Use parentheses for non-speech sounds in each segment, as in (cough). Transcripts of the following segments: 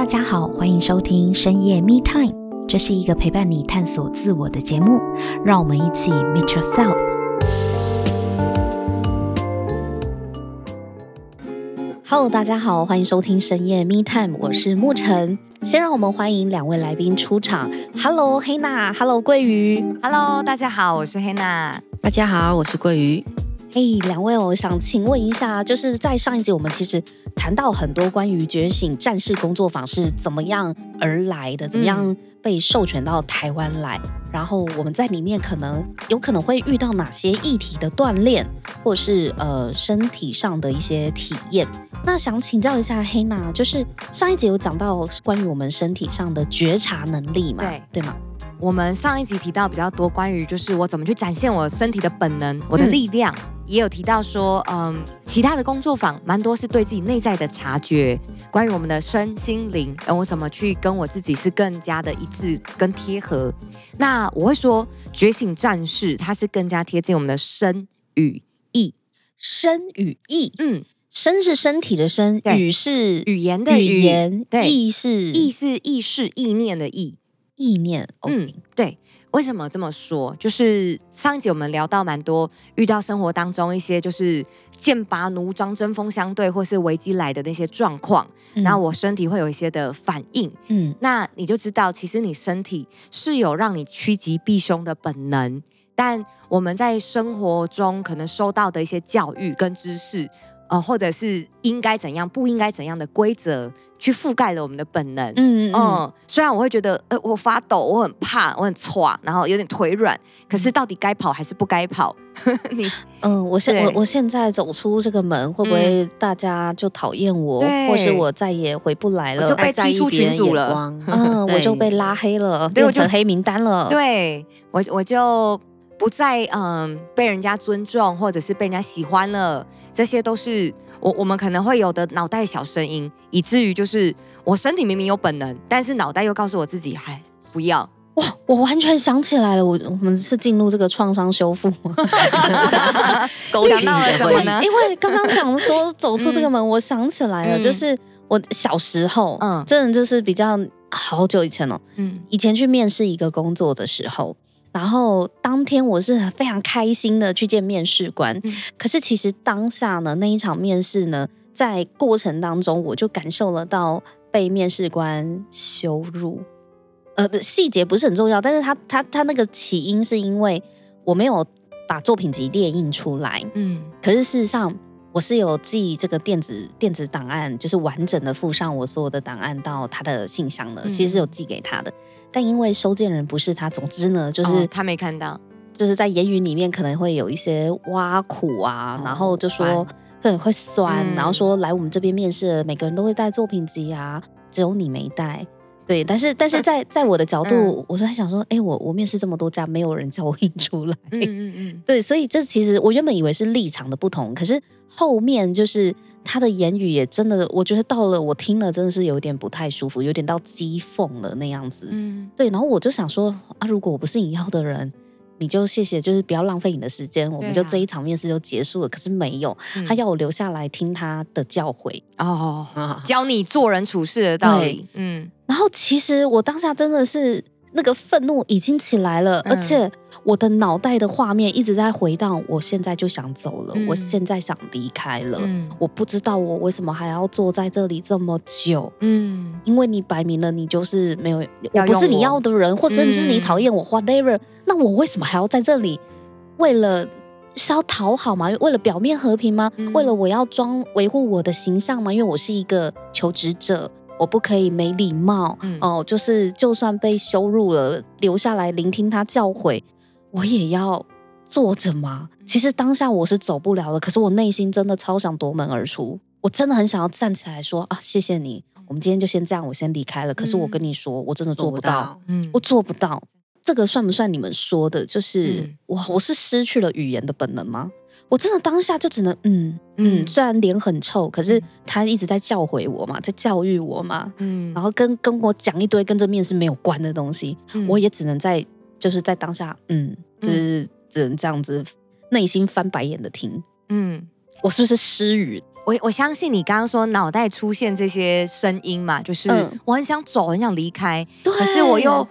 大家好，歡迎收聽深夜 Me Time，這是一個陪伴你探索自我的節目，讓我們一起 Meet Yourself。Hello，大家好，歡迎收聽深夜 Me Time，我是沐晨。先讓我們歡迎兩位來賓出場。Hello，Hannah。Hello，貴羽。Hello，大家好，我是 Hannah。大家好，我是貴羽。嘿，hey, 兩位、哦，我想請問一下，就是在上一集我們其實談到很多關於覺醒戰士工作坊是怎麼樣而來的，怎麼樣、嗯？被授權到台灣來，然後我們在裡面可能有可能會遇到哪些議題的鍛鍊，或是呃身體上的一些體驗。那想請教一下 Hannah，就是上一集有講到關於我們身體上的覺察能力嘛，對對嗎？我們上一集提到比較多關於就是我怎麼去展現我身體的本能，我的力量，嗯、也有提到說，嗯，其他的工作坊蠻多是對自己內在的察覺，關於我們的身心靈，跟我怎麼去跟我自己是更加的一。字跟貼合，那我會說，覺醒戰士，它是更加貼近我們的身語意，身語意，嗯，身是身體的身，對語是語言的語，語言，對，意是意是意是意念的意，意念，okay. 嗯，對。為什麼這麼說？就是上一集我們聊到蠻多，遇到生活當中一些就是劍拔弩張、針鋒相對，或是危機來的那些狀況，那、嗯、我身體會有一些的反應。嗯，那你就知道，其實你身體是有讓你趨吉避凶的本能，但我們在生活中可能收到的一些教育跟知識。哦，或者是應該怎樣、不應該怎樣的規則，去覆蓋了我們的本能。嗯嗯,嗯雖然我會覺得，呃，我發抖，我很怕，我很喘，然後有點腿軟。可是到底該跑還是不該跑？ (laughs) 你嗯、呃，我現對我我現在走出這個門，會不會大家就討厭我，嗯、或是我再也回不來了？對就被踢出群組了。嗯、 (laughs) 呃，我就被拉黑了，變對成黑名單了。對,我,對我，我就。不再嗯、呃、被人家尊重或者是被人家喜歡了，這些都是我我們可能會有的腦袋小聲音，以至於就是我身體明明有本能，但是腦袋又告訴我自己還不要哇！我完全想起來了，我我們是進入這個創傷修復，講 (laughs) (laughs) 到了什麼呢、嗯？因為剛剛講說走出這個門，嗯、我想起來了，嗯、就是我小時候，嗯，真的就是比較好久以前了、哦，嗯，以前去面試一個工作的時候。然後當天我是非常開心的去見面試官，嗯、可是其實當下呢，那一場面試呢，在過程當中我就感受得到被面試官羞辱，呃，細節不是很重要，但是他他他那個起因是因為我沒有把作品集列印出來，嗯，可是事實上。我是有寄這個電子電子檔案，就是完整的附上我所有的檔案到他的信箱了。嗯、其實是有寄給他的，但因為收件人不是他，總之呢，就是、哦、他沒看到。就是在言語裡面可能會有一些挖苦啊，哦、然後就說乖會很會酸，嗯、然後說來我們這邊面試，每個人都會帶作品集啊，只有你沒帶。對，但是但是在在我的角度， (laughs) 嗯、我說他想說，哎，我我面試這麼多家，沒有人叫我印出來，嗯嗯嗯對，所以這其實我原本以為是立場的不同，可是後面就是他的言語也真的，我覺得到了我聽了真的是有點不太舒服，有點到譏諷了那樣子，嗯、對，然後我就想說啊，如果我不是你要的人。你就謝謝，就是不要浪費你的時間，啊、我們就這一場面試就結束了。可是沒有，嗯、他要我留下來聽他的教誨哦，好好好好教你做人處事的道理。嗯，然後其實我當下真的是。那個憤怒已經起來了，嗯、而且我的腦袋的畫面一直在回蕩。我現在就想走了，嗯、我現在想離開了。嗯、我不知道我為什麼還要坐在這裡這麼久。嗯，因為你擺明了你就是沒有，我，我不是你要的人，或者甚至你討厭我，whatever、嗯。那我為什麼還要在這裡？為了是要討好嗎？為了表面和平嗎？嗯、為了我要裝維護我的形象嗎？因為我是一個求職者。我不可以沒禮貌、嗯、哦，就是就算被羞辱了，留下來聆聽他教誨，我也要坐着嗎？其實當下我是走不了了，可是我內心真的超想奪門而出，我真的很想要站起來說啊，謝謝你，我們今天就先這樣，我先離開了。可是我跟你說，我真的做不到，嗯，做不到，嗯，我做不到。這個算不算你們說的，就是、嗯、我我是失去了語言的本能嗎？我真的當下就只能嗯嗯，雖然臉很臭，可是他一直在教誨我嘛，在教育我嘛，嗯，然後跟跟我講一堆跟這面試沒有關的東西，嗯、我也只能在就是在當下，嗯，就是只能這樣子內心翻白眼的聽，嗯，我是不是失語？我我相信你剛剛說腦袋出現這些聲音嘛，就是、嗯、我很想走，很想離開，對可是我又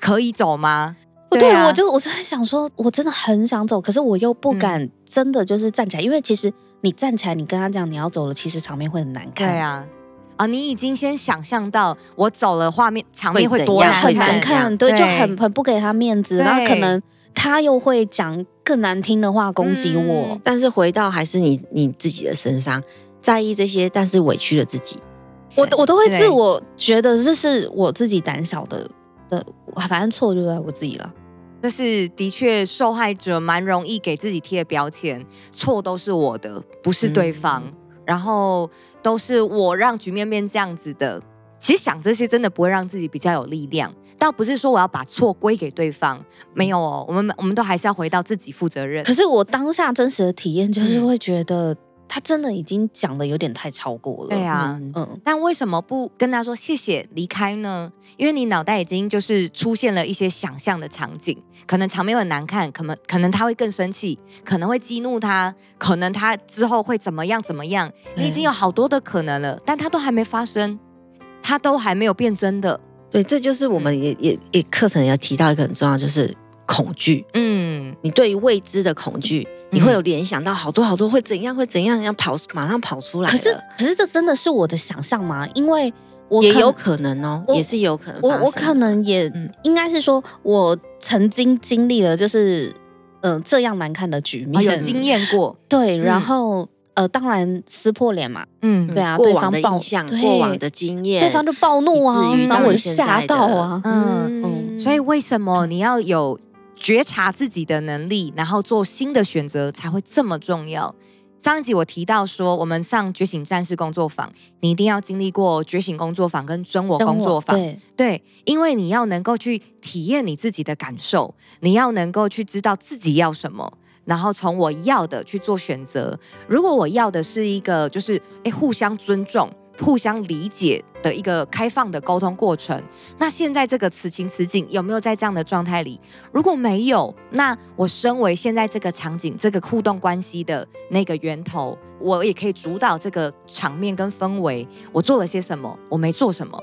可以走嗎？對，啊、對，我就我就在很想說，我真的很想走，可是我又不敢，真的就是站起來，嗯、因為其實你站起來，你跟他講你要走了，其實場面會很難看。對啊，啊、哦，你已經先想象到我走了，畫面場面會多難，會怎樣很難看，對，對就很很不給他面子，對然後可能他又會講更難聽的話攻擊我。嗯、但是回到還是你你自己的身上，在意這些，但是委屈了自己，我我都會自我覺得這是我自己膽小的的，對對反正錯就在我自己了。就是的確，受害者蠻容易給自己貼的標籤，錯都是我的，不是對方，嗯、然後都是我讓局面變這樣子的。其實想這些真的不會讓自己比較有力量，倒不是說我要把錯歸給對方，沒有哦，我們我們都還是要回到自己負責任。可是我當下真實的體驗就是會覺得。嗯他真的已經講的有點太超過了，對呀，啊，嗯，但為什麼不跟他說謝謝離開呢？因為你腦袋已經就是出現了一些想象的場景，可能場面很難看，可能可能他會更生氣，可能會激怒他，可能他之後會怎麼樣怎麼樣，對你已經有好多的可能了，但他都還沒發生，他都還沒有變真的。對，這就是我們也、嗯、也也課程也提到一個很重要，就是恐懼，嗯，你對於未知的恐懼。你會有聯想到好多好多會怎樣？會怎樣？要跑，馬上跑出來。可是，可是這真的是我的想象嗎？因為我也有可能哦，也是有可能。我我可能也應該是說，我曾經經歷了就是嗯，這樣難看的局面，有經驗過。對，然後呃，當然撕破臉嘛。嗯，對啊，對方的印象，對，過往的經驗，對方就暴怒啊，然後我就嚇到啊，嗯嗯。所以為什麼你要有？覺察自己的能力，然後做新的選擇才會這麼重要。上一集我提到說，我們上覺醒戰士工作坊，你一定要經歷過覺醒工作坊跟真我工作坊，對，對，因為你要能夠去體驗你自己的感受，你要能夠去知道自己要什麼，然後從我要的去做選擇。如果我要的是一個，就是誒，互相尊重。互相理解的一個開放的溝通過程。那現在這個此情此景有沒有在這樣的狀態裡？如果沒有，那我身為現在這個場景、這個互動關係的那個源頭，我也可以主導這個場面跟氛圍。我做了些什麼？我沒做什麼？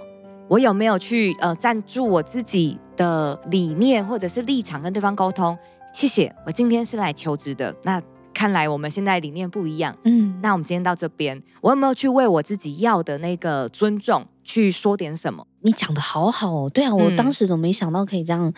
我有沒有去呃站住我自己的理念或者是立場跟對方溝通？謝謝，我今天是來求職的。那。看來我們現在理念不一樣，嗯，那我們今天到這邊，我有沒有去為我自己要的那個尊重去說點什麼？你講的好好哦。對啊，嗯，我當時怎麼沒想到可以這樣？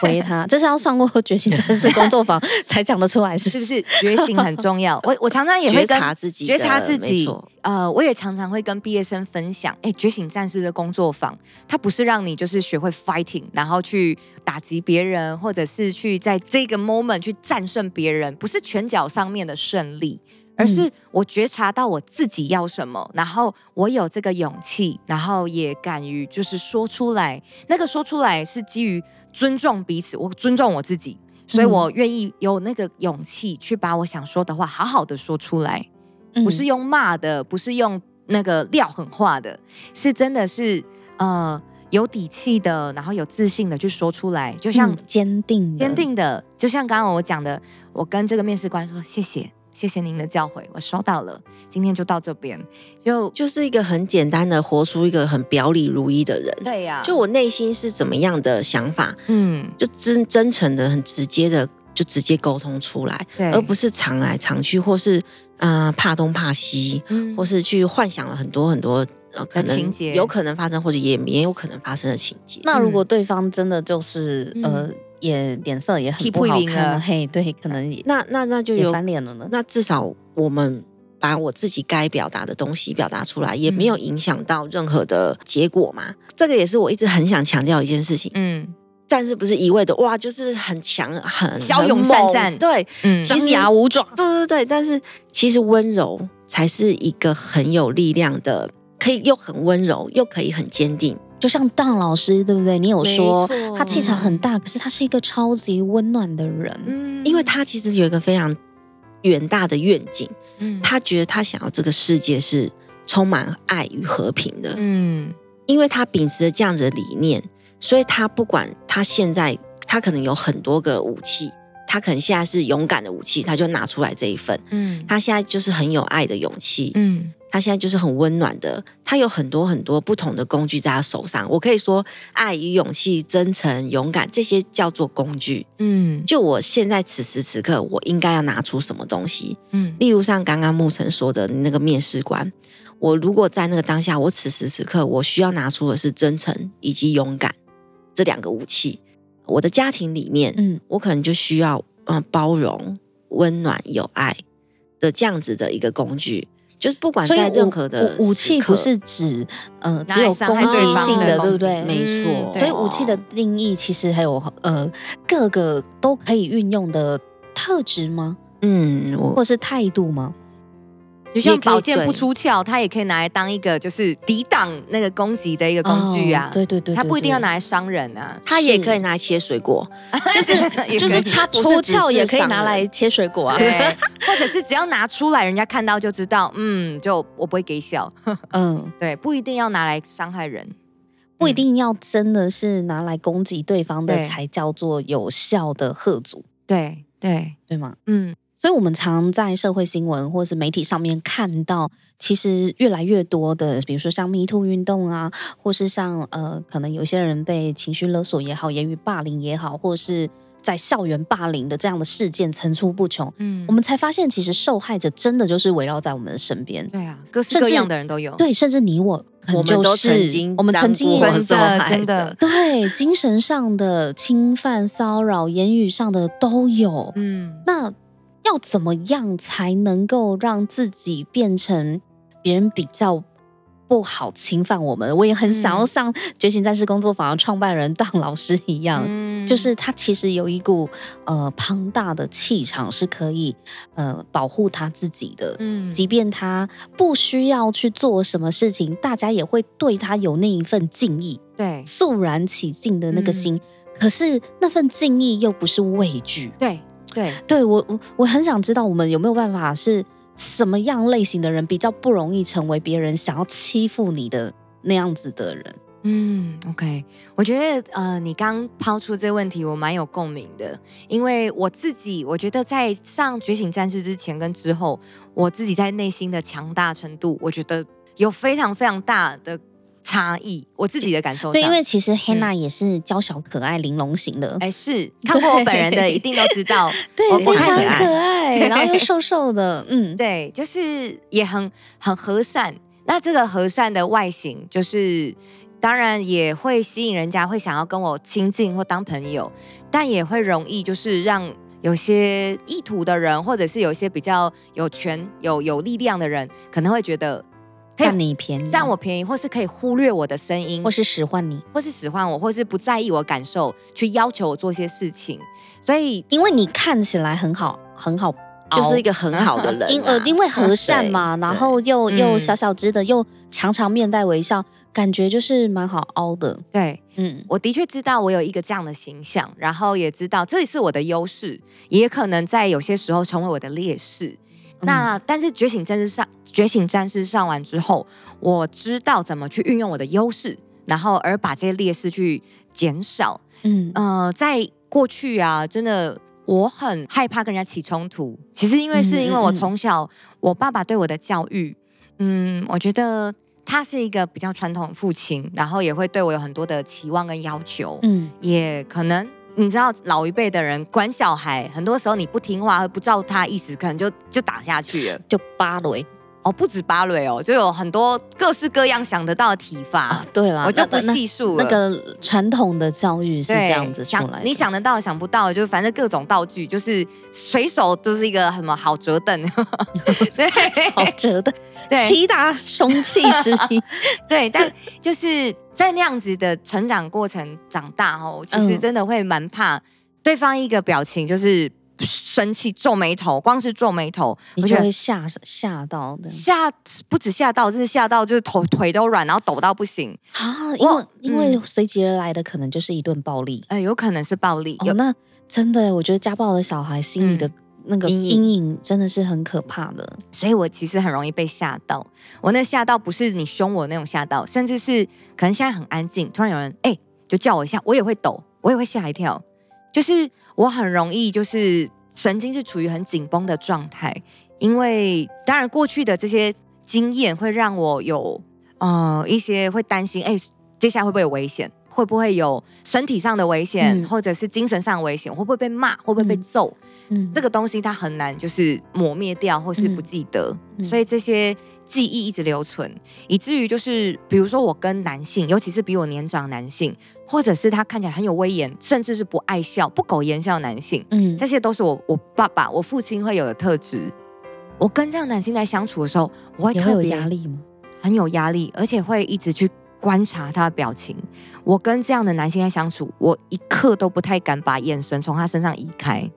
回他，這是要上過覺醒戰士工作坊才講得出來是不是， (laughs) 是不是？覺醒很重要。我我常常也會覺察自己，覺察自己。呃，我也常常會跟畢業生分享，哎，覺醒戰士的工作坊，它不是讓你就是學會 fighting，然後去打擊別人，或者是去在這個 moment 去戰勝別人，不是拳腳上面的勝利。而是我覺察到我自己要什麼，嗯、然後我有這個勇氣，然後也敢於就是說出來。那個說出來是基於尊重彼此，我尊重我自己，嗯、所以我願意有那個勇氣去把我想說的話好好的說出來。嗯、不是用罵的，不是用那個撂狠話的，是真的是呃有底氣的，然後有自信的去說出來，就像、嗯、堅定堅定的，就像剛剛我講的，我跟這個面試官說謝謝。謝謝您的教誨，我收到了。今天就到這邊，就就是一個很簡單的活出一個很表裡如一的人。對呀、啊，就我內心是怎麼樣的想法，嗯，就真真誠的、很直接的，就直接溝通出來，對而不是藏來藏去，或是啊、呃、怕東怕西，嗯、或是去幻想了很多很多、呃、可能有可能發生，或者也也有可能發生的情節。嗯、那如果對方真的就是呃。嗯也臉色也很不好看，啊，嘿對，可能也那那那就有翻臉了呢。那至少我們把我自己該表達的東西表達出來，也沒有影響到任何的結果嘛。嗯、這個也是我一直很想強調一件事情。嗯，但是不是一味的哇，就是很強很，很驍勇善戰，對，嗯，張牙舞爪，對對對。但是其實溫柔才是一個很有力量的，可以又很溫柔，又可以很堅定。就像當老師，對不對？你有說，沒錯，他氣場很大，可是他是一個超級溫暖的人。嗯，因為他其實有一個非常遠大的願景。嗯，他覺得他想要這個世界是充滿愛與和平的。嗯，因為他秉持着這樣子的理念，所以他不管他現在，他可能有很多個武器，他可能現在是勇敢的武器，他就拿出來這一份。嗯，他現在就是很有愛的勇氣。嗯。他現在就是很溫暖的，他有很多很多不同的工具在他手上。我可以說，愛與勇氣、真誠、勇敢這些叫做工具。嗯，就我現在此時此刻，我應該要拿出什麼東西？嗯，例如像剛剛牧塵說的，那個面試官，我如果在那個當下，我此時此刻，我需要拿出的是真誠以及勇敢這兩個武器。我的家庭裡面，嗯，我可能就需要嗯、呃、包容、溫暖、有愛的這樣子的一個工具。就是不管在任何的武，武器，不是指嗯、呃、只有攻擊性的，對，的對不對？沒錯、嗯，哦、所以武器的定義其實還有呃各個都可以運用的特質嗎？嗯，或者是態度嗎？就像寶劍不出鞘，它也可以拿來當一個就是抵擋那個攻擊的一個工具啊。對對對，它不一定要拿來傷人啊，它也可以拿來切水果，就是就是它出鞘也可以拿來切水果啊。或者是只要拿出來，人家看到就知道，嗯，就我不會給笑。嗯，對，不一定要拿來傷害人，不一定要真的是拿來攻擊對方的才叫做有效的嚇阻。對對對嗎？嗯。所以，我們常在社會新聞或是媒體上面看到，其實越來越多的，比如說像 MeToo 運動啊，或是像呃，可能有些人被情緒勒索也好，言語霸凌也好，或是在校園霸凌的這樣的事件層出不窮。嗯，我們才發現，其實受害者真的就是圍繞在我們的身邊。嗯、至對啊，各式各樣的人都有。對，甚至你我，就是、我們都曾經，我們曾經也都是受害者。對，精神上的侵犯、騷擾、言語上的都有。嗯，那。要怎麼樣才能夠讓自己變成別人比較不好侵犯我們？我也很想要像覺醒戰士工作坊的創辦人當老師一樣，就是他其實有一股呃龐大的氣場，是可以呃保護他自己的。即便他不需要去做什麼事情，大家也會對他有那一份敬意，對，肅然起敬的那個心。嗯，可是那份敬意又不是畏懼，對。對，對我我我很想知道，我們有沒有辦法是什麼樣類型的人比較不容易成為別人想要欺負你的那樣子的人？嗯，OK，我覺得呃，你剛拋出這問題，我蠻有共鳴的，因為我自己，我覺得在上《覺醒戰士》之前跟之後，我自己在內心的強大程度，我覺得有非常非常大的。差異，我自己的感受。對，因為其實 Hannah、嗯、也是嬌小可愛、玲瓏型的。哎、欸，是看過我本人的，一定都知道。對，我很可愛，然後又瘦瘦的。對嗯，對，就是也很很和善。那這個和善的外形，就是當然也會吸引人家會想要跟我親近或當朋友，但也會容易就是讓有些意圖的人，或者是有一些比較有權有有力量的人，可能會覺得。佔你便宜，佔我便宜，或是可以忽略我的聲音，或是使喚你，或是使喚我，或是不在意我感受，去要求我做一些事情。所以，因為你看起來很好，嗯、很好，就是一個很好的很好人、啊。因呃，因為和善嘛， (laughs) 對然後又對、嗯、又小小只的，又常常面帶微笑，感覺就是蠻好凹的。對，嗯，我的確知道我有一個這樣的形象，然後也知道這裡是我的優勢，也可能在有些時候成為我的劣勢。那但是覺醒戰士上覺醒戰士上完之後，我知道怎麼去運用我的優勢，然後而把這些劣勢去減少。嗯呃，在過去啊，真的我很害怕跟人家起衝突。其實因為是因為我從小，嗯嗯嗯，我爸爸對我的教育，嗯，我覺得他是一個比較傳統父親，然後也會對我有很多的期望跟要求。嗯，也可能。你知道老一輩的人管小孩，很多時候你不聽話或不照他意思，可能就就打下去了，就芭蕾。哦，不止芭蕾哦，就有很多各式各樣想得到的體罰、啊。對啦，我就不細數了那那那。那個傳統的教育是這樣子上來的，你想得到想不到，就反正各種道具，就是隨手就是一個什麼好折凳，呵呵 (laughs) 對，好折凳，對七大兇器之一 (laughs) 對，但就是。 (laughs) 在那樣子的成長過程長大後、哦，其實真的會蠻怕對方一個表情，就是生氣皺眉頭，光是皺眉頭，你就會嚇嚇，嚇到的。嚇不止嚇到，甚至嚇到就是頭腿都軟，然後抖到不行啊！因為我因為隨即而來的可能就是一頓暴力，哎、嗯，有可能是暴力。有、哦、那真的，我覺得家暴的小孩心裡的。嗯那個陰影真的是很可怕的，所以我其實很容易被嚇到。我那嚇到不是你凶我那種嚇到，甚至是可能現在很安靜，突然有人，哎，欸，就叫我一下，我也會抖，我也會嚇一跳。就是我很容易就是神經是處於很緊繃的狀態，因為當然過去的這些經驗會讓我有呃一些會擔心，哎，欸，接下來會不會有危險？會不會有身體上的危險，嗯、或者是精神上的危險？會不會被罵？會不會被揍？嗯，這個東西它很難就是抹滅掉，或是不記得，嗯、所以這些記憶一直留存，嗯、以至於就是比如說我跟男性，尤其是比我年長男性，或者是他看起來很有威嚴，甚至是不愛笑、不苟言笑的男性，嗯，這些都是我我爸爸、我父親會有的特質。我跟這樣男性在相處的時候，我會特別有壓力嗎？很有壓力，而且會一直去。觀察他的表情，我跟這樣的男性在相處，我一刻都不太敢把眼神從他身上移開。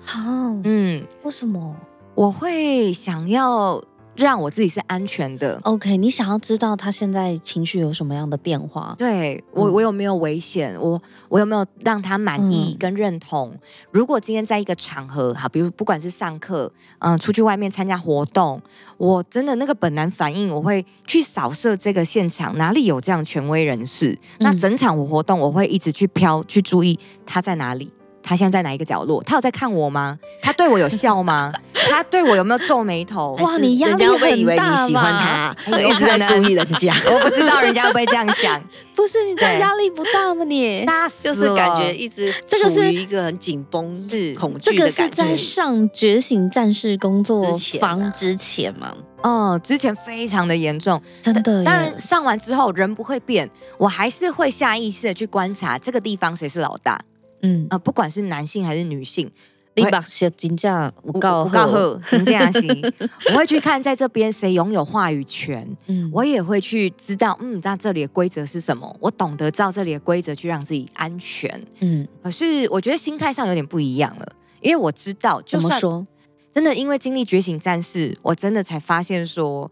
好，啊，嗯，為什麼我會想要？讓我自己是安全的。OK，你想要知道他現在情緒有什麼樣的變化？對，我、嗯、我，我有沒有危險？我我有沒有讓他滿意跟認同？嗯、如果今天在一個場合，哈，比如不管是上課，嗯、呃，出去外面參加活動，我真的那個本能反應，我會去掃射這個現場，哪裡有這樣權威人士？嗯、那整場我活動，我會一直去飄，去注意他在哪裡。他現在在哪一個角落？他有在看我嗎？他對我有笑嗎？他對我有沒有皺眉頭？哇，你壓力很大吧？人家會以為你喜歡他，一直在注意人家。我不知道人家會不會這樣想。不是，你壓力不大嗎？你就是感覺一直這個是一個很緊繃、是恐懼的感覺。這個是在上覺醒戰士工作房之前嗎？哦，之前非常的嚴重，真的。當然上完之後人不會變，我還是會下意識的去觀察這個地方誰是老大。嗯啊、呃，不管是男性還是女性，你把身價五高價行，我， (laughs) 我會去看在這邊誰擁有話語權。嗯，我也會去知道，嗯，那這裡的規則是什麼？我懂得照這裡的規則去讓自己安全。嗯，可是我覺得心態上有點不一樣了，因為我知道，怎麼說，真的因為經歷覺醒戰士，我真的才發現說，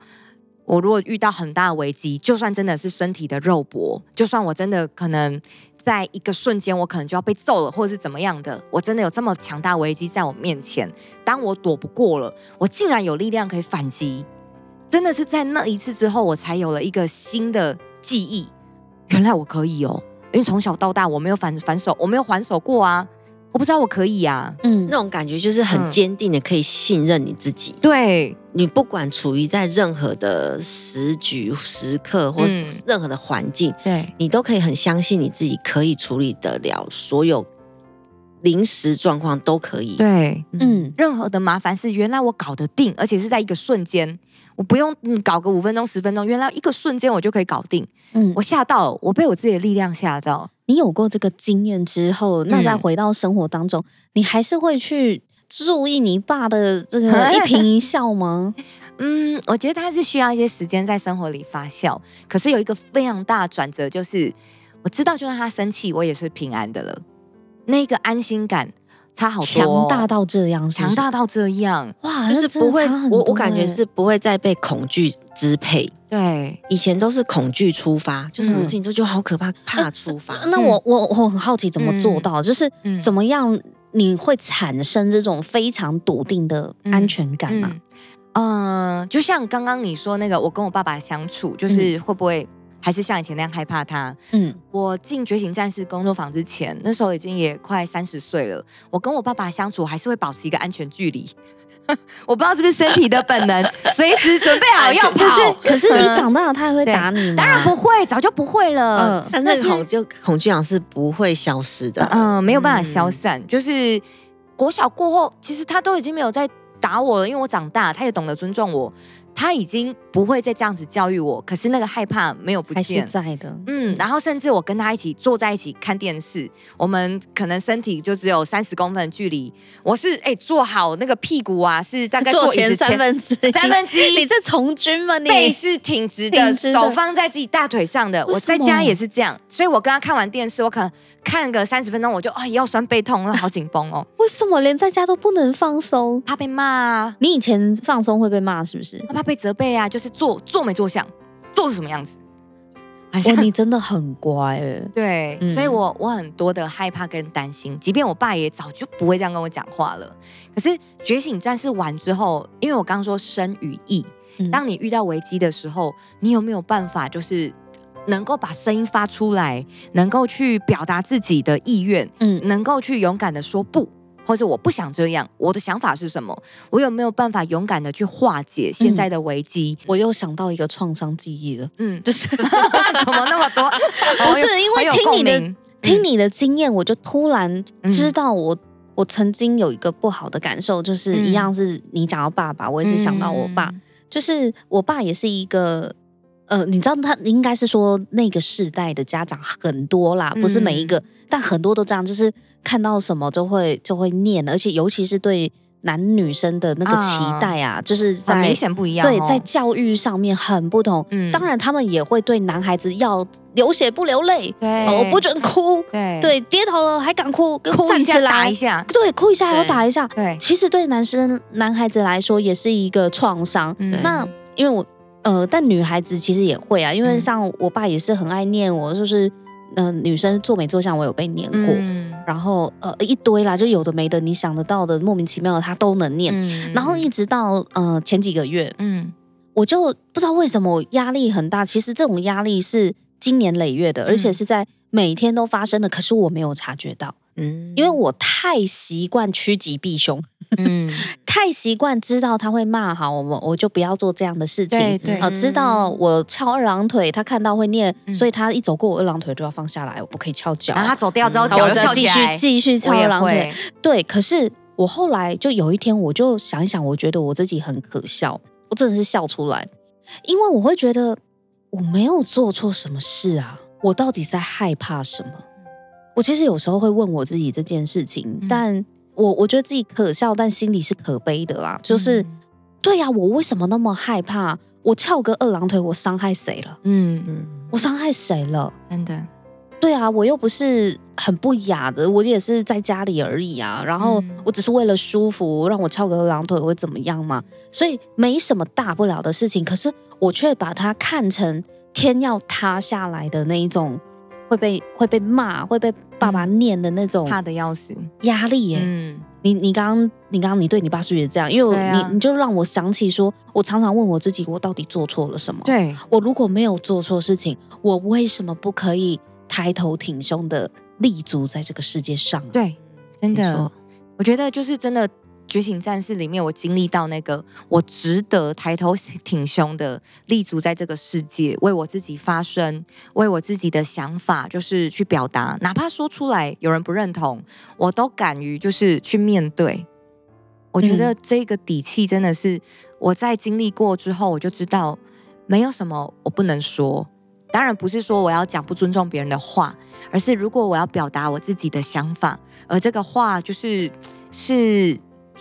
我如果遇到很大的危機，就算真的是身體的肉搏，就算我真的可能。在一個瞬間，我可能就要被揍了，或者是怎麼樣的。我真的有這麼強大的危機在我面前，當我躲不過了，我竟然有力量可以反擊。真的是在那一次之後，我才有了一個新的記憶。原來我可以哦，因為從小到大我沒有反反手，我沒有還手過啊。我不知道我可以呀、啊，嗯，那種感覺就是很堅定的，可以信任你自己。嗯、對，你不管處於在任何的時局時刻，或是任何的環境，嗯、對，你都可以很相信你自己，可以處理得了所有臨時狀況，都可以。對，嗯，任何的麻煩是原來我搞得定，而且是在一個瞬間，我不用、嗯、搞個五分鐘、十分鐘，原來一個瞬間我就可以搞定。嗯，我嚇到了，我被我自己的力量嚇到。你有過這個經驗之後，那再回到生活當中，嗯、你還是會去注意你爸的這個一顰一笑嗎？ (laughs) 嗯，我覺得他是需要一些時間在生活裡發酵。可是有一個非常大的轉折，就是我知道，就算他生氣，我也是平安的了，那個安心感。他好強、哦、大，大到這樣，強大到這樣，哇，就是不會，我我感覺是不會再被恐懼支配。對，以前都是恐懼出發，嗯、就什麼事情都覺得好可怕，怕出發。呃呃、那我、嗯、我我很好奇，怎麼做到？嗯、就是怎麼樣你會產生這種非常篤定的安全感嘛、啊嗯？嗯，呃、就像剛剛你說那個，我跟我爸爸相處，就是會不會？還是像以前那樣害怕他。嗯，我進覺醒戰士工作坊之前，那時候已經也快三十歲了。我跟我爸爸相處，還是會保持一個安全距離。 (laughs) 我不知道是不是身體的本能，隨 (laughs) 時準備好要跑。可是，可是你長大了，嗯、他還會打你？當然不會，早就不會了。嗯、呃，是那個恐就恐懼症是不會消失的。嗯、呃，沒有辦法消散。嗯、就是國小過後，其實他都已經沒有在打我了，因為我長大，他也懂得尊重我。他已經不會再這樣子教育我，可是那個害怕沒有不見，還是在的，嗯，然後甚至我跟他一起坐在一起看電視，我們可能身體就只有三十公分的距離，我是哎坐好那個屁股啊，是大概坐前三分之三分之一，之一 (laughs) 你這從軍嗎你？背是挺直的，直的手放在自己大腿上的，我在家也是這樣，所以我跟他看完電視，我可能看個三十分鐘，我就哎腰酸背痛了，那好緊繃哦、啊。為什麼連在家都不能放鬆？怕被罵。你以前放鬆會被罵是不是？怕被責備啊，就是做做沒做像，做是什麼樣子？哇、喔，你真的很乖哎、欸。對，嗯、所以我我很多的害怕跟擔心，即便我爸也早就不會這樣跟我講話了。可是覺醒戰士完之後，因為我剛說聲與意，嗯、當你遇到危機的時候，你有沒有辦法就是能夠把聲音發出來，能夠去表達自己的意願，嗯，能夠去勇敢的說不。或者我不想這樣，我的想法是什麼？我有沒有辦法勇敢的去化解現在的危機？我又想到一個創傷記憶了，嗯，就是怎麼那麼多？不是，因為聽你的、聽你的經驗，我就突然知道，我我曾經有一個不好的感受，就是一樣是你講到爸爸，我也是想到我爸，就是我爸也是一個，呃，你知道他應該是說那個時代的家長很多啦，不是每一個，但很多都這樣，就是。看到什麼就會就會念，而且尤其是對男女生的那個期待啊，就是在明顯不一樣。對，在教育上面很不同。當然他們也會對男孩子要流血不流淚。對，我不准哭。對，跌倒了還敢哭，哭一下打一下。對，哭一下還要打一下。對，其實對男生男孩子來說也是一個創傷。那因為我呃，但女孩子其實也會啊，因為像我爸也是很愛念我，就是嗯，女生坐沒坐相，我有被念過。然後呃一堆啦，就有的沒的，你想得到的，莫名其妙的，他都能念。嗯、然後一直到呃前幾個月，嗯，我就不知道為什麼壓力很大。其實這種壓力是經年累月的，而且是在每天都發生的，嗯、可是我沒有察覺到，嗯，因為我太習慣趨吉避凶。嗯， (laughs) 太習慣知道他會罵哈，我我我就不要做這樣的事情，對對、嗯呃，知道我翹二郎腿，他看到會念，嗯、所以他一走過我二郎腿都要放下來，我不可以翹腳。然後他走掉之後、嗯，後我再翹起來，繼續翹二郎腿。對，可是我後來就有一天，我就想一想，我覺得我自己很可笑，我真的是笑出來，因為我會覺得我沒有做錯什麼事啊，我到底在害怕什麼？我其實有時候會問我自己這件事情，嗯、但。我我覺得自己可笑，但心裡是可悲的啦。就是，嗯、對呀、啊，我為什麼那麼害怕？我翹個二郎腿，我傷害誰了？嗯嗯，我傷害誰了？真的，對啊，我又不是很不雅的，我也是在家裡而已啊。然後、嗯、我只是為了舒服，讓我翹個二郎腿會怎麼樣嘛？所以沒什麼大不了的事情。可是我卻把它看成天要塌下來的那一種，會被會被罵，會被。爸爸念的那種、欸，怕的要死，壓力耶。嗯，你剛剛你剛剛你剛剛你對你爸是不是也這樣？因為你、啊、你，你就讓我想起說，我常常問我自己，我到底做錯了什麼？對，我如果沒有做錯事情，我為什麼不可以抬頭挺胸的立足在這個世界上、啊？對，真的，說我覺得就是真的。覺醒戰士裡面，我經歷到那個我值得抬頭挺胸的立足在這個世界，為我自己發聲，為我自己的想法就是去表達，哪怕說出來有人不認同，我都敢於就是去面對。我覺得這個底氣真的是我在經歷過之後，我就知道沒有什麼我不能說。當然不是說我要講不尊重別人的話，而是如果我要表達我自己的想法，而這個話就是是。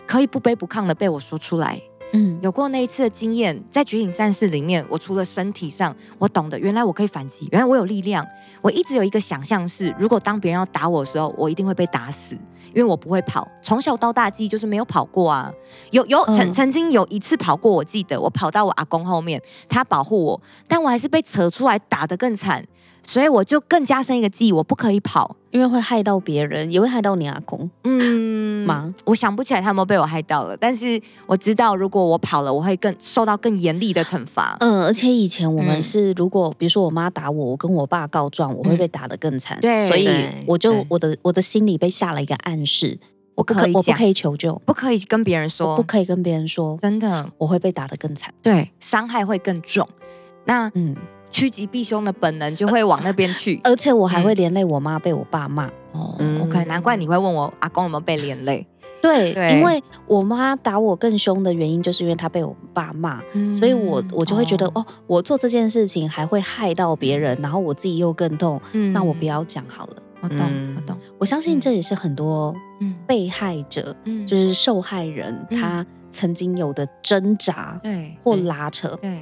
可以不卑不亢的被我說出來，嗯，有過那一次的經驗，在覺醒戰士裡面，我除了身體上，我懂得原來我可以反擊，原來我有力量。我一直有一個想象是，如果當別人要打我的時候，我一定會被打死，因為我不會跑。從小到大，記憶就是沒有跑過啊。有有曾曾經有一次跑過，我記得我跑到我阿公後面，他保護我，但我還是被扯出來打得更慘。所以我就更加深一個記憶，我不可以跑，因為會害到別人，也會害到你阿公，嗯，媽，我想不起來他們被我害到了，但是我知道，如果我跑了，我會更受到更嚴厲的懲罰。嗯，而且以前我們是，如果比如說我媽打我，我跟我爸告狀，我會被打得更慘。對，所以我就我的我的心裡被下了一個暗示，我可我不可以求救，不可以跟別人說，不可以跟別人說，真的，我會被打得更慘，對，傷害會更重。那嗯。趨吉避凶的本能就會往那邊去，而且我還會連累我媽被我爸罵。哦，OK，難怪你會問我阿公有沒有被連累。對，因為我媽打我更凶的原因，就是因為她被我爸罵，所以我我就會覺得，哦，我做這件事情還會害到別人，然後我自己又更痛。那我不要講好了。我懂，我懂。我相信這也是很多被害者，就是受害人他曾經有的掙扎，對，或拉扯，對，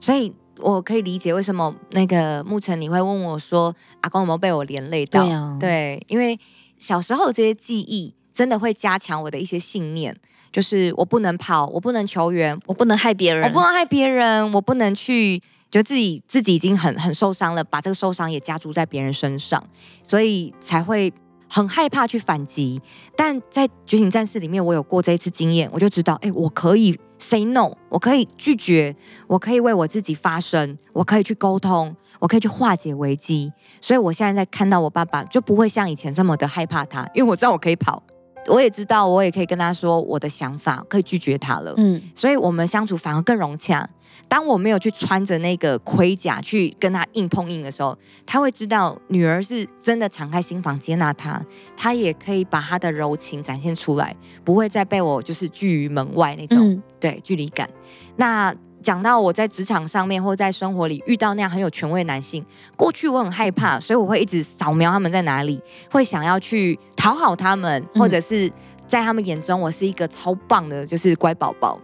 所以。我可以理解為什麼那個牧塵你會問我說，阿公有沒有被我連累到？對，哦、對，因為小時候這些記憶真的會加強我的一些信念，就是我不能跑，我不能求援，我不能害別人，我不能害別人，我不能去，就自己自己已經很很受傷了，把這個受傷也加諸在別人身上，所以才會很害怕去反擊。但在覺醒戰士裡面，我有過這一次經驗，我就知道，哎、欸，我可以。Say no，我可以拒絕，我可以為我自己發聲，我可以去溝通，我可以去化解危機。所以我現在在看到我爸爸，就不會像以前這麼的害怕他，因為我知道我可以跑。我也知道，我也可以跟他說我的想法，可以拒絕他了。嗯，所以我們相處反而更融洽。當我沒有去穿着那個盔甲，去跟他硬碰硬的時候，他會知道女兒是真的敞開心房接納他，他也可以把他的柔情展現出來，不會再被我就是拒於門外那種、嗯、對距離感。那。講到我在職場上面或在生活裡遇到那樣很有權威的男性，過去我很害怕，所以我會一直掃描他們在哪裡，會想要去討好他們，嗯、或者是在他們眼中我是一個超棒的，就是乖寶寶。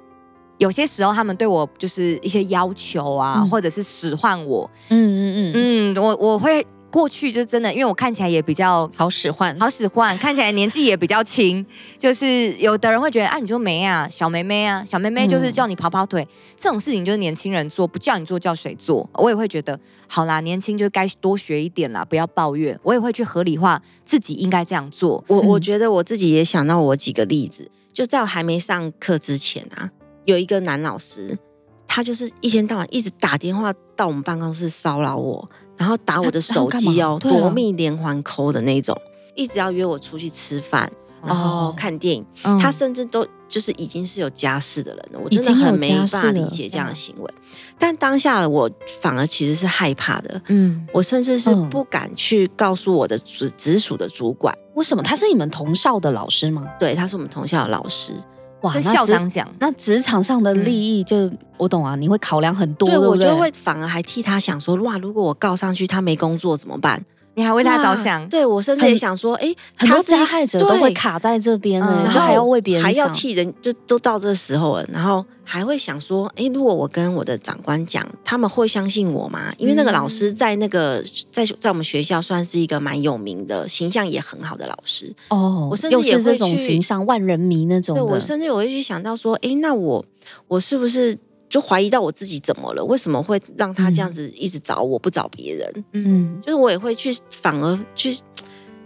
有些時候他們對我就是一些要求啊，嗯、或者是使喚我，嗯嗯嗯嗯，嗯我我會。過去就真的，因為我看起來也比較好使喚，好使喚，看起來年紀也比較輕，就是有的人會覺得啊，你就沒啊，小妹妹啊，小妹妹就是叫你跑跑腿，嗯，這種事情就是年輕人做，不叫你做叫誰做？我也會覺得好啦，年輕就該多學一點啦，不要抱怨。我也會去合理化自己應該這樣做。我我覺得我自己也想到我幾個例子，就在我還沒上課之前啊，有一個男老師。他就是一天到晚一直打電話到我們辦公室騷擾我，然後打我的手機哦，啊、奪命連環扣的那種，一直要約我出去吃飯，哦、然後看電影。嗯、他甚至都就是已經是有家室的人了，我真的很沒法理解這樣的行為。但當下我反而其實是害怕的，嗯，我甚至是不敢去告訴我的直直屬的主管、嗯，為什麼？他是你們同校的老師嗎？對，他是我們同校的老師。哇，校長那職講那職場上的利益就、嗯、我懂啊，你會考量很多，對，對不對？對對，我就會反而還替他想說，哇，如果我告上去，他沒工作怎麼辦？你還為他着想，嗯啊、對，我甚至也想說，誒很，欸、很多受害者都會卡在這邊、欸，對然後還要為別人，還要替人，就都到這時候了，然後還會想說，誒、欸，如果我跟我的長官講，他們會相信我嗎？因為那個老師在那個、嗯、在在我們學校算是一個蠻有名的，形象也很好的老師哦，我甚至也會去是這種形象，萬人迷那種。對，我甚至我會去想到說，誒、欸，那我我是不是？就懷疑到我自己怎麼了？為什麼會讓他這樣子一直找我，不找別人。嗯，就是我也會去，反而去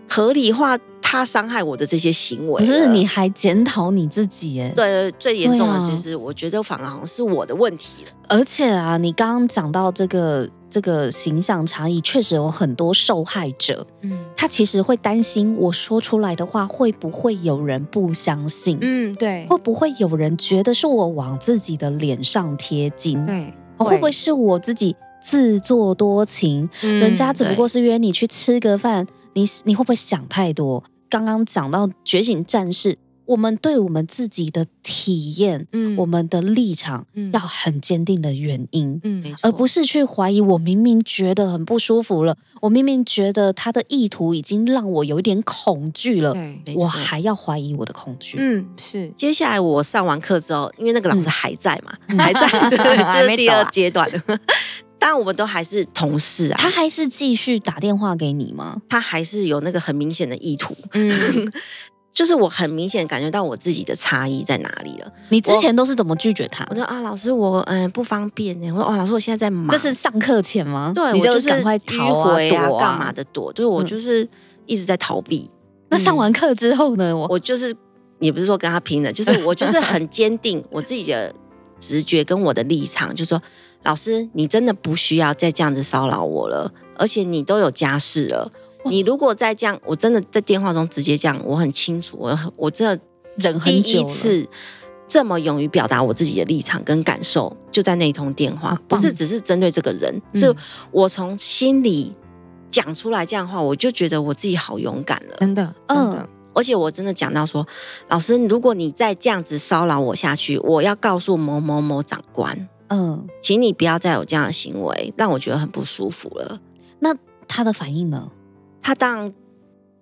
合理化。他傷害我的這些行為，可是你還檢討你自己？對，最嚴重的其實，對啊，我覺得反而好像是我的問題了。而且啊，你剛剛講到這個這個形象差異，確實有很多受害者。嗯，他其實會擔心我說出來的話會不會有人不相信？嗯，對，會不會有人覺得是我往自己的臉上貼金，對，對，會不會是我自己自作多情？嗯，人家只不過是約你去吃個飯，對，你你會不會想太多？剛剛講到覺醒戰士，我們對我們自己的體驗，嗯，我們的立場，嗯，要很堅定的原因，嗯，而不是去懷疑。我明明覺得很不舒服了，我明明覺得他的意圖已經讓我有一點恐懼了，Okay, 我還要懷疑我的恐懼。嗯，是。接下來我上完課之後，因為那個老師還在嘛，嗯，還在，對對，這是第二階段。 (laughs) 但我們都還是同事啊，他還是繼續打電話給你嗎？他還是有那個很明顯的意圖，嗯，就是我很明顯感覺到我自己的差異在哪裡了。你之前都是怎麼拒絕他？我說啊，老師，我嗯不方便呢。我說哦，老師，我現在在忙。這是上課前嗎？對，我就是趕快逃回啊幹嘛的躲，就是我就是一直在逃避。那上完課之後呢？我我就是也不是說跟他拼了，就是我就是很堅定我自己的直覺跟我的立場，就是說。老師，你真的不需要再這樣子騷擾我了。而且你都有家室了，哇你如果再這樣，我真的在電話中直接講，我很清楚，我我真的忍很久。第一次這麼勇於表達我自己的立場跟感受，就在那一通電話，棒不是只是針對這個人，嗯、是我從心裡講出來這樣的話，我就覺得我自己好勇敢了，真的，真的嗯。而且我真的講到說，老師，如果你再這樣子騷擾我下去，我要告訴某某某某長官。.嗯，請你不要再有這樣的行為，讓我覺得很不舒服了。那他的反應呢？他當然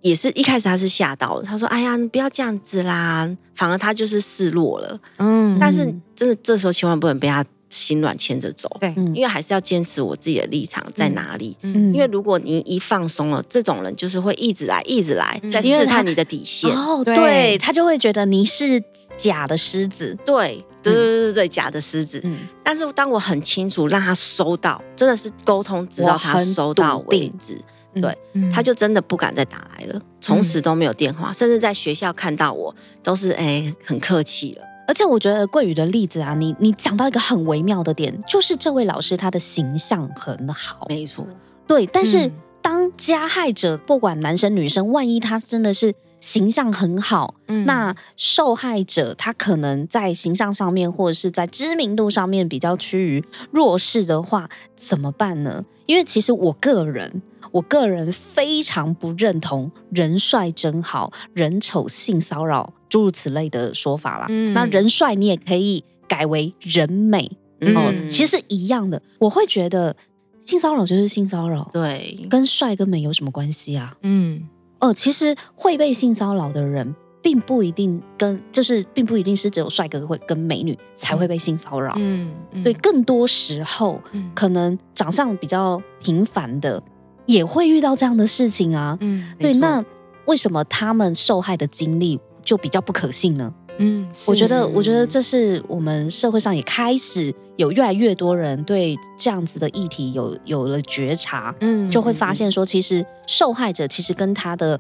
也是一開始他是嚇到了，他說：“哎呀，你不要這樣子啦。”反而他就是示弱了。嗯，但是真的這時候千萬不能被他心軟牽着走，對因為還是要堅持我自己的立場在哪裡。嗯，嗯，因為如果你一放鬆了，這種人就是會一直來，一直來在試探你的底線。哦，對，他就會覺得你是假的獅子。對。對對對對、嗯、假的獅子。嗯、但是當我很清楚讓他收到，真的是溝通直到他收到為止，我嗯、對，嗯、他就真的不敢再打來了。從、嗯、此都沒有電話，嗯、甚至在學校看到我都是誒、欸，很客氣了。而且我覺得貴羽的例子啊，你你講到一個很微妙的點，就是這位老師他的形象很好，沒錯、嗯，對。但是當加害者、嗯、不管男生女生，萬一他真的是。形象很好，嗯、那受害者他可能在形象上面或者是在知名度上面比較趨於弱勢的話，怎麼辦呢？因為其實我個人，我個人非常不認同“人帥真好，人醜性騷擾”諸如此類的說法啦。嗯、那人帥你也可以改為人美，嗯、哦，其實一樣的。我會覺得性騷擾就是性騷擾，對，跟帥跟美有什麼關係啊？嗯。哦、呃，其實會被性騷擾的人，並不一定跟就是並不一定是只有帥哥會跟美女才會被性騷擾。嗯，對，更多時候，嗯、可能長相比較平凡的、嗯、也會遇到這樣的事情啊。嗯，對，沒錯。那為什麼他們受害的經歷就比較不可信呢？嗯，嗯我覺得，我覺得這是我們社會上也開始有越來越多人對這樣子的議題有有了覺察，嗯，就會發現說，其實受害者其實跟他的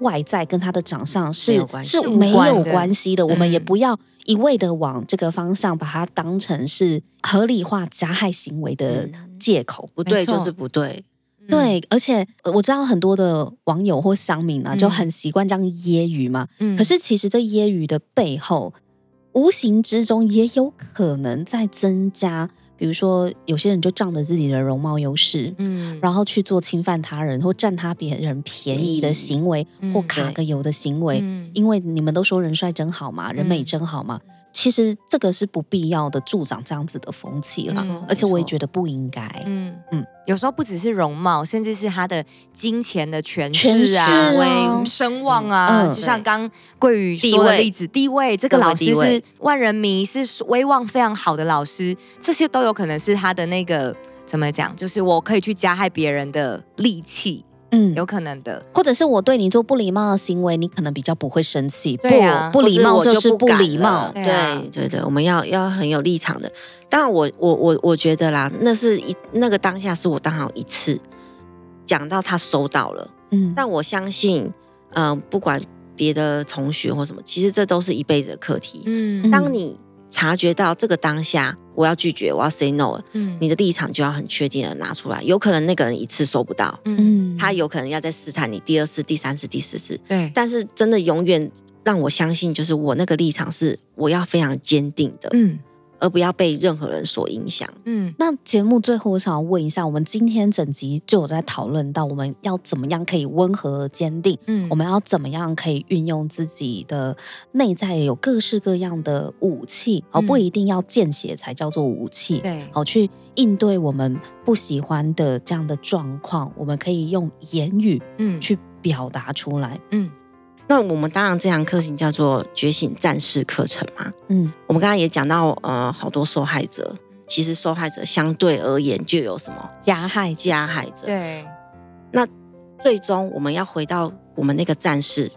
外在跟他的長相是沒有關係，是無關的，是沒有關係的，我們也不要一味的往這個方向把它當成是合理化加害行為的借口，嗯，不對就是不對。對，嗯、而且我知道很多的網友或鄉民呢、啊，嗯、就很習慣這樣揶揄嘛。嗯、可是其實這揶揄的背後，無形之中也有可能在增加，比如說有些人就仗着自己的容貌優勢，嗯、然後去做侵犯他人或占他別人便宜的行為，嗯、或卡個油的行為。嗯、因為你們都說人帥真好嘛，嗯、人美真好嘛。其實這個是不必要的，助長這樣子的風氣了。嗯、而且我也覺得不應該。嗯嗯，嗯有時候不只是容貌，甚至是他的金錢的權勢啊、威、哦、聲望啊。嗯、就像剛，剛貴羽說的例子，地位，地位這個老師是萬人迷，是威望非常好的老師，這些都有可能是他的那個怎麼講？就是我可以去加害別人的利器。嗯，有可能的，或者是我對你做不禮貌的行為，你可能比較不會生氣、對啊。不，不禮貌就是不禮貌。對、啊、對，對對，我們要要很有立場的。但我我我我覺得啦，那是一那個當下是我當好一次講到他收到了。嗯，但我相信，嗯、呃，不管別的同學或什麼，其實這都是一輩子的課題。嗯，當你。嗯察覺到這個當下，我要拒絕，我要 say no。嗯，你的立場就要很確定的拿出來。有可能那個人一次收不到，嗯，他有可能要再試探你第二次、第三次、第四次。對，但是真的永遠讓我相信，就是我那個立場是我要非常堅定的。嗯。而不要被任何人所影響。嗯，那節目最後我想要問一下，我們今天整集就有在討論到我們要怎麼樣可以溫和而堅定。嗯，我們要怎麼樣可以運用自己的內在有各式各樣的武器，而、嗯、不一定要見血才叫做武器。對，好，去應對我們不喜歡的這樣的狀況，我們可以用言語，嗯，去表達出來。嗯。嗯那我們當然這堂課程叫做覺醒戰士課程嘛，嗯，我們剛剛也講到，呃，好多受害者，其實受害者相對而言就有什麼？加害、加害者，對。那最終我們要回到我們那個戰士，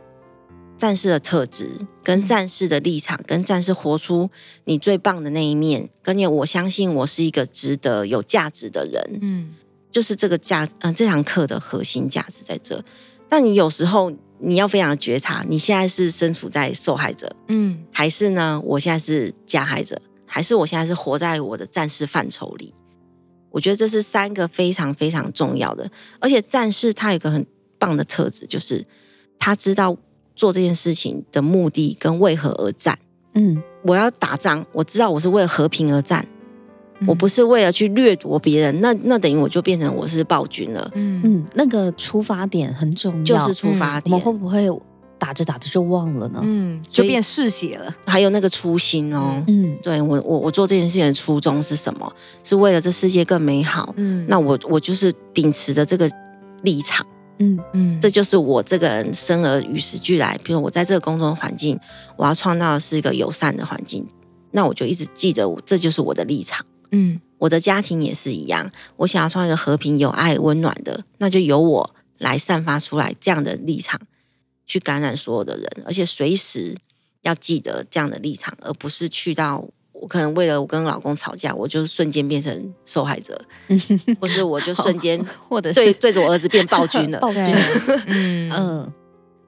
戰士的特質，跟戰士的立場，跟戰士活出你最棒的那一面，跟你我相信我是一個值得有價值的人，嗯，就是這個價，嗯，這堂課的核心價值在這。但你有時候。你要非常的覺察，你現在是身處在受害者，嗯，還是呢？我現在是加害者，還是我現在是活在我的戰士範疇裡？我覺得這是三個非常非常重要的。而且戰士他有一個很棒的特質，就是他知道做這件事情的目的跟為何而戰。嗯，我要打仗，我知道我是為了和平而戰。 (noise) 我不是為了去掠奪別人，那那等於我就變成我是暴君了。嗯嗯，那個出發點很重要，就是出發點。嗯，我會不會打着打着就忘了呢？嗯以，就變嗜血了。還有那個初心哦，嗯，對，我我我做這件事情的初衷是什麼？是為了這世界更美好。嗯，那我我就是秉持着這個立場。嗯嗯，嗯這就是我這個人生而與世俱來。比如我在這個工作環境，我要創造的是一個友善的環境，那我就一直記着，我這就是我的立場。嗯，我的家庭也是一樣。我想要創一個和平、有愛、溫暖的，那就由我來散發出來這樣的立場，去感染所有的人。而且隨時要記得這樣的立場，而不是去到我可能為了我跟老公吵架，我就瞬間變成受害者， (laughs) 或是我就瞬間 (laughs) 或者是對，對着我兒子變暴君了。 (laughs) 暴君、啊， (laughs) 嗯、呃，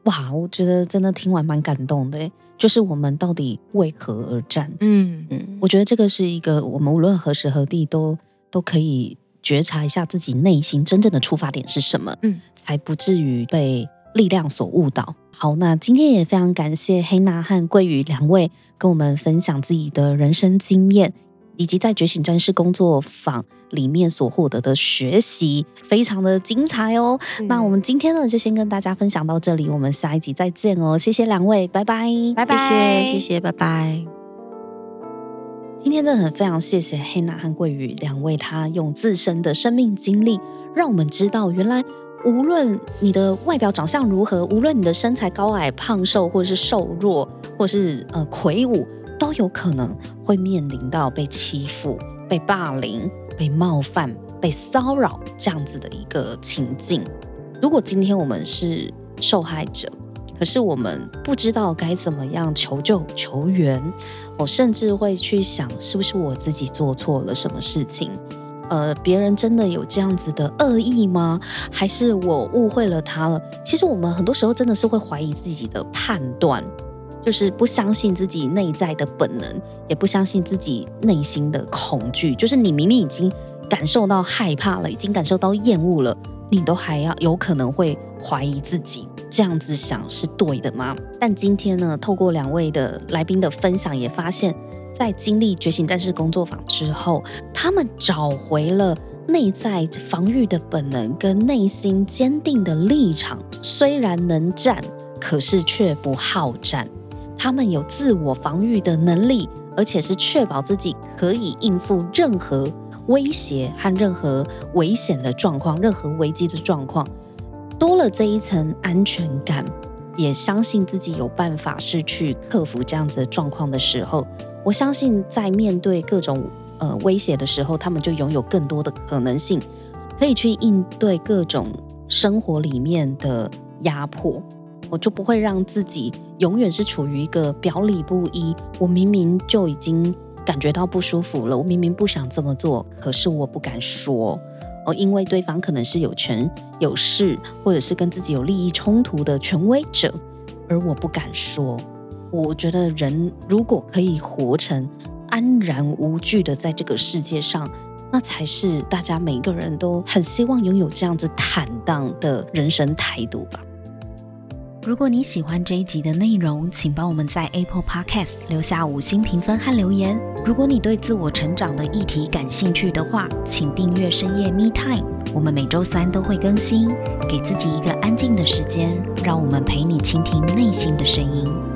哇，我覺得真的聽完蠻感動的。就是我們到底為何而戰？嗯嗯，我覺得這個是一個我們無論何時何地都都可以覺察一下自己內心真正的出發點是什麼，嗯，才不至於被力量所誤導。好，那今天也非常感謝 Hannah 和貴羽兩位跟我們分享自己的人生經驗。以及在覺醒戰士工作坊裡面所獲得的學習，非常的精彩哦。嗯、那我們今天呢，就先跟大家分享到這裡，我們下一集再見哦。謝謝兩位，拜拜，拜拜。謝謝，謝謝，謝。拜拜。今天真的很非常謝謝 Hannah 和貴羽兩位，她用自身的生命經歷，讓我們知道原來，無論你的外表長相如何，無論你的身材高矮胖瘦，或者是瘦弱，或者是呃魁梧，都有可能會面臨到被欺負、被霸凌、被冒犯、被騷擾這樣子的一個情境。如果今天我們是受害者，可是我們不知道該怎麼樣求救求援，我甚至會去想，是不是我自己做錯了什麼事情。呃，別人真的有這樣子的惡意嗎？還是我誤會了他了？其實我們很多時候真的是會懷疑自己的判斷，就是不相信自己內在的本能，也不相信自己內心的恐懼。就是你明明已經感受到害怕了，已經感受到厭惡了，你都還要有可能會懷疑自己，這樣子想是對的嗎？但今天呢，透過兩位的來賓的分享，也發現。在經歷覺醒戰士工作坊之後，他們找回了內在防禦的本能跟內心堅定的立場。雖然能戰，可是卻不好戰。他們有自我防禦的能力，而且是確保自己可以應付任何威脅和任何危險的狀況、任何危機的狀況。多了這一層安全感，也相信自己有辦法是去克服這樣子的狀況的時候。我相信，在面對各種呃威脅的時候，他們就擁有更多的可能性，可以去應對各種生活裡面的壓迫。我就不會讓自己永遠是處於一個表裡不一。我明明就已經感覺到不舒服了，我明明不想這麼做，可是我不敢說哦、呃，因為對方可能是有權有勢，或者是跟自己有利益衝突的權威者，而我不敢說。我覺得人如果可以活成安然無懼的，在這個世界上，那才是大家每個人都很希望擁有這樣子坦蕩的人生態度吧。如果你喜歡這一集的內容，請幫我們在 Apple Podcast 留下五星評分和留言。如果你對自我成長的議題感興趣的話，請訂閱深夜 Me Time。我們每周三都會更新，給自己一個安靜的時間，讓我們陪你傾聽內心的聲音。